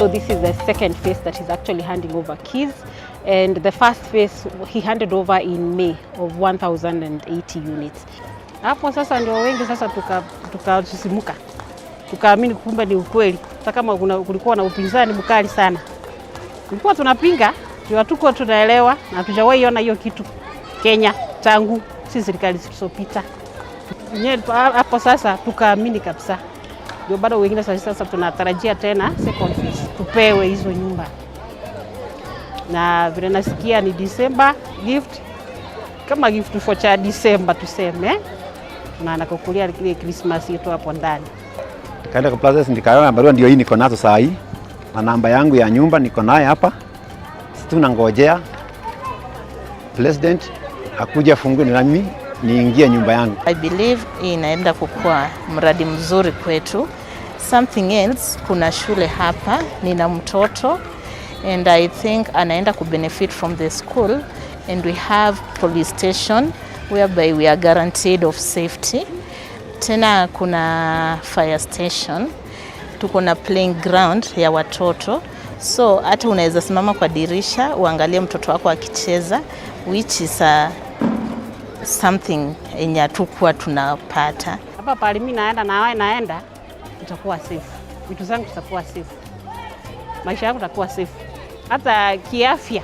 So this is the second phase that he's actually handing over keys and the first phase he handed over in May of 1080 units. Hapo sasa ndio wengi sasa tukasisimuka tukaamini kumbe ni ukweli, hata kama kulikuwa na upinzani mkali sana, tulikuwa tunapinga tuko tunaelewa, na tujawahi ona hiyo kitu Kenya tangu si serikali zilizopita hapo. Sasa tukaamini kabisa, ndio bado wengine sasa tunatarajia tena second phase tupewe hizo nyumba, na vile nasikia ni December gift, kama gift for cha December tuseme, na nakukulia ile Christmas yetu hapo ndani. Kaenda kwa process, nikaona barua ndio hii niko nazo saa hii, na namba yangu ya nyumba niko naye hapa, tunangojea president akuja fungue nami niingie nyumba yangu. I believe inaenda kukua mradi mzuri kwetu. Something else, kuna shule hapa, nina mtoto and I think anaenda ku benefit from the school and we have police station whereby we are guaranteed of safety. Tena kuna fire station, tuko na playing ground ya watoto, so hata unaweza simama kwa dirisha uangalie mtoto wako akicheza, which is a something enye hatukuwa tunapata hapa pale. Mimi naenda na wewe naenda itakuwa safe, vitu zangu zitakuwa safe, maisha yangu itakuwa safe, hata kiafya,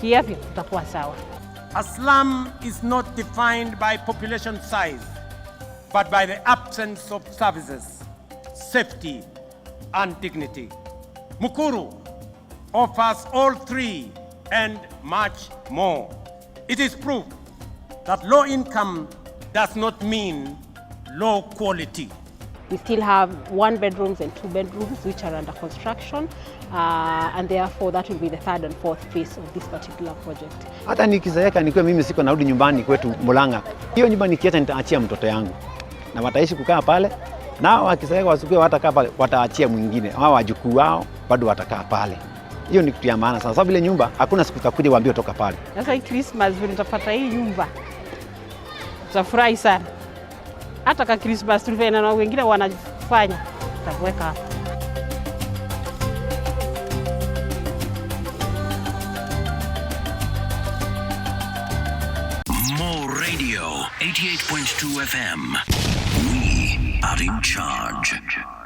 kiafya tutakuwa sawa. A slum is not defined by population size but by the absence of services, safety and dignity. Mukuru offers all three and much more. It is proof that low income does not mean low quality. We still have one bedrooms and two bedrooms which are under construction uh, and therefore that will be the third and fourth phase of this particular project. Hata nikizeeka nikiwa mimi siko narudi nyumbani kwetu Mulanga, hiyo nyumba nikiacha nitaachia mtoto yangu na wataishi kukaa pale, na wakizeeka wasikue watakaa pale, wataachia mwingine wao, wajukuu wao bado watakaa pale. Hiyo ni kitu ya maana sana, sababu ile nyumba hakuna siku takuja waambie toka pale. Sasa hii Christmas vile tutapata hii nyumba tutafurahi sana hata ka Christmas tulivyo na wengine wanafanya tutaweka hapa. Mo Radio 88.2 FM. We are in charge.